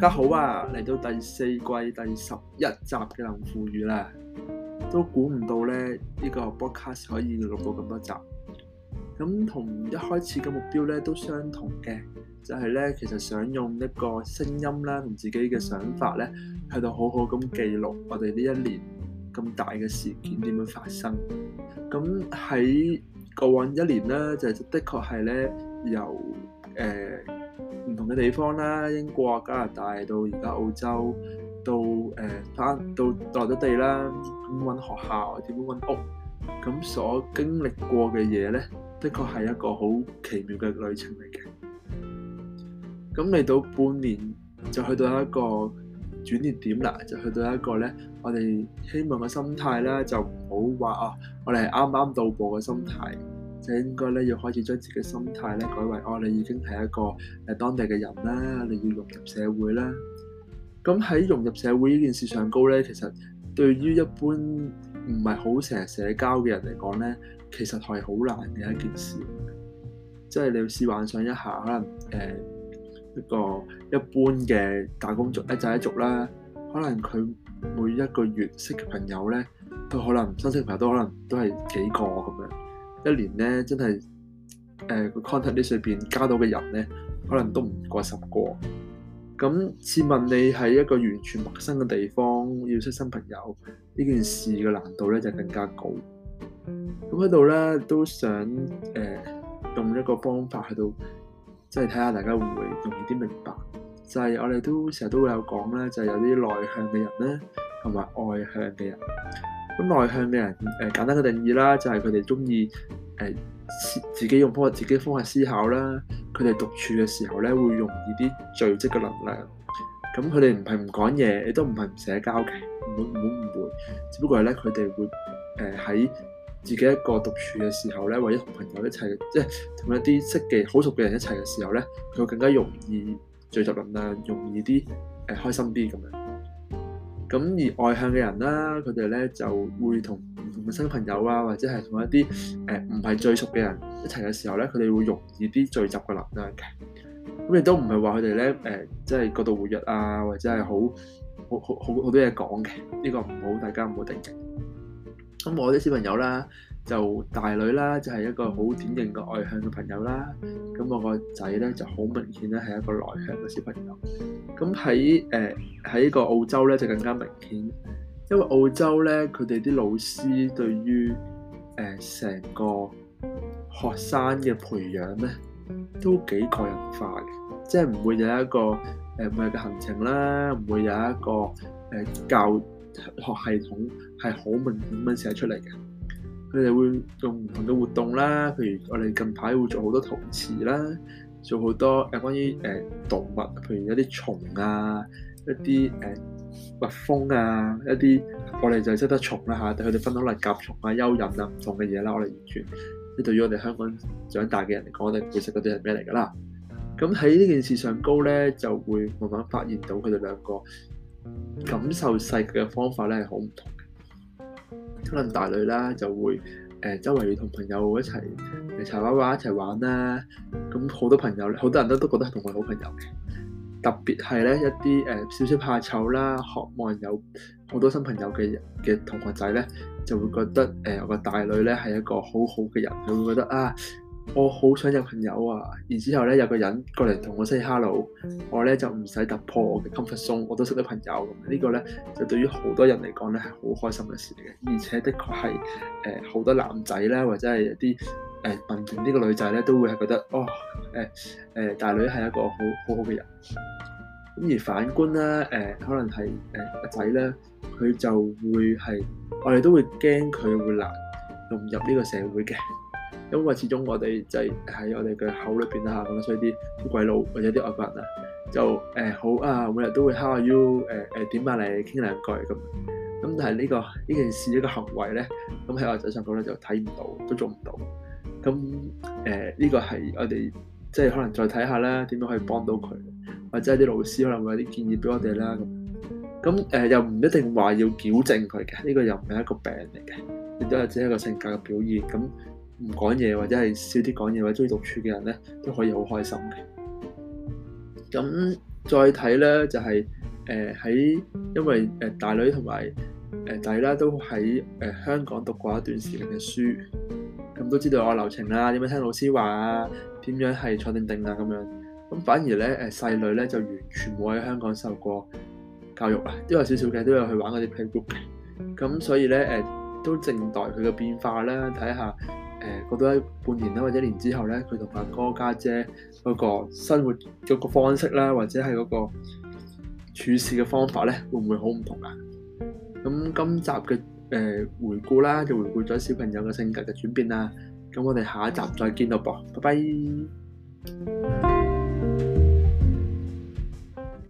大家好啊！嚟到第四季第十一集嘅林富語啦，都估唔到咧呢、這個 broadcast 可以錄到咁多集。咁同一開始嘅目標咧都相同嘅，就係、是、咧其實想用一個聲音啦，同自己嘅想法咧，喺度好好咁記錄我哋呢一年咁大嘅事件點樣發生。咁喺過往一年咧，就是、的確係咧由誒，呃嘅地方啦，英國、加拿大到而家澳洲，到誒翻到落咗地啦，點揾學校，點樣揾屋，咁所經歷過嘅嘢咧，的確係一個好奇妙嘅旅程嚟嘅。咁嚟到半年就去到一個轉折點啦，就去到一個咧，我哋希望嘅心態啦，就唔好話啊，我哋係啱啱到步嘅心態。就應該咧，要開始將自己心態咧改為哦，你已經係一個誒、呃、當地嘅人啦。你要融入社會啦。咁喺融入社會呢件事上高咧，其實對於一般唔係好成日社交嘅人嚟講咧，其實係好難嘅一件事。即係你要試幻想一下，可能誒、呃、一個一般嘅打工族一仔一族啦，可能佢每一個月識嘅朋友咧，都可能新識朋友都可能都係幾個咁樣。一年咧，真係誒個 content 呢水平加到嘅人咧，可能都唔過十個。咁試問你喺一個完全陌生嘅地方要識新朋友，呢件事嘅難度咧就更加高。咁喺度咧都想誒、呃、用一個方法去到，即係睇下大家會唔會容易啲明白。就係、是、我哋都成日都會有講咧，就係、是、有啲內向嘅人咧，同埋外向嘅人。咁內向嘅人，誒、呃、簡單嘅定義啦，就係佢哋中意誒自己用方自己方法思考啦。佢哋獨處嘅時候咧，會容易啲聚積嘅能量。咁佢哋唔係唔講嘢，亦都唔係唔社交嘅，唔好唔好誤會。只不過係咧，佢哋會誒喺、呃、自己一個獨處嘅時候咧，或者同朋友一齊，即係同一啲識嘅、好熟嘅人一齊嘅時候咧，佢會更加容易聚集能量，容易啲誒、呃、開心啲咁樣。咁而外向嘅人啦，佢哋咧就會同唔同嘅新朋友啊，或者係同一啲誒唔係最熟嘅人一齊嘅時候咧，佢哋會容易啲聚集嘅能量嘅。咁亦都唔係話佢哋咧誒，即係過度活躍啊，或者係好好好好好多嘢講嘅。呢個唔好，大家唔好定。咁我啲小朋友啦。就大女啦，就係、是、一個好典型嘅外向嘅朋友啦。咁我個仔咧就好明顯咧，係一個內向嘅小朋友。咁喺誒喺呢個澳洲咧就更加明顯，因為澳洲咧佢哋啲老師對於誒成、呃、個學生嘅培養咧都幾個人化嘅，即係唔會有一個誒每日嘅行程啦，唔會有一個誒、呃、教學系統係好明顯咁寫出嚟嘅。佢哋會用唔同嘅活動啦，譬如我哋近排會做好多陶瓷啦，做好多誒、呃、關於誒、呃、動物，譬如一啲蟲啊，一啲誒蜜蜂啊，一啲我哋就係識得蟲啦嚇，但佢哋分到泥甲蟲啊、蚯蚓啊唔同嘅嘢啦，我哋完全即對於我哋香港長大嘅人嚟講，我哋會識嗰啲係咩嚟㗎啦？咁喺呢件事上高咧，就會慢慢發現到佢哋兩個感受世界嘅方法咧係好唔同嘅。可能大女啦，就會誒、呃、周圍同朋友一齊嚟茶娃娃一齊玩，玩，玩啦。咁好多朋友好多人都都覺得係同我好朋友嘅。特別係咧一啲誒、呃、少少怕醜啦，渴望有好多新朋友嘅嘅同學仔咧，就會覺得誒、呃、我個大女咧係一個好好嘅人，佢會覺得啊。我好想有朋友啊！然之後咧，有個人過嚟同我 say hello，我咧就唔使突破我嘅 comfort zone 我都識得朋友。這個、呢個咧就對於好多人嚟講咧係好開心嘅事嚟嘅，而且的確係誒好多男仔咧，或者係一啲誒問住呢個女仔咧，都會係覺得哦誒誒、呃呃、大女係一個好好好嘅人。咁而反觀咧誒、呃，可能係誒個仔咧，佢、呃、就會係我哋都會驚佢會難融入呢個社會嘅。因為始終我哋就係喺我哋嘅口裏邊啦，咁所以啲鬼佬或者啲外國人啊，就誒好啊，每日都會敲下 you 誒誒點下你傾兩句咁。咁但係呢、這個呢件事呢個行為咧，咁、嗯、喺我仔上講咧就睇唔到，都做唔到。咁誒呢個係我哋即係可能再睇下啦，點樣可以幫到佢，或者啲老師可能會有啲建議俾我哋啦。咁咁誒又唔一定話要矯正佢嘅，呢、這個又唔係一個病嚟嘅，亦都係只係一個性格嘅表現咁。唔講嘢或者係少啲講嘢或者中意讀書嘅人咧，都可以好開心嘅。咁再睇咧就係誒喺因為誒、呃、大女同埋誒仔咧都喺誒、呃、香港讀過一段時間嘅書，咁都知道我流程啦，點樣聽老師話啊，點樣係坐定定啊咁樣。咁反而咧誒細女咧就完全冇喺香港受過教育啊，都有少少嘅都有去玩嗰啲 Playbook 嘅。咁所以咧誒、呃、都靜待佢嘅變化啦，睇下。誒、嗯，過咗半年啦或者一年之後咧，佢同阿哥家姐嗰個生活嗰個方式啦，或者係嗰個處事嘅方法咧，會唔會好唔同啊？咁今集嘅誒、呃、回顧啦，就回顧咗小朋友嘅性格嘅轉變喇。咁我哋下一集再見到啵，拜拜。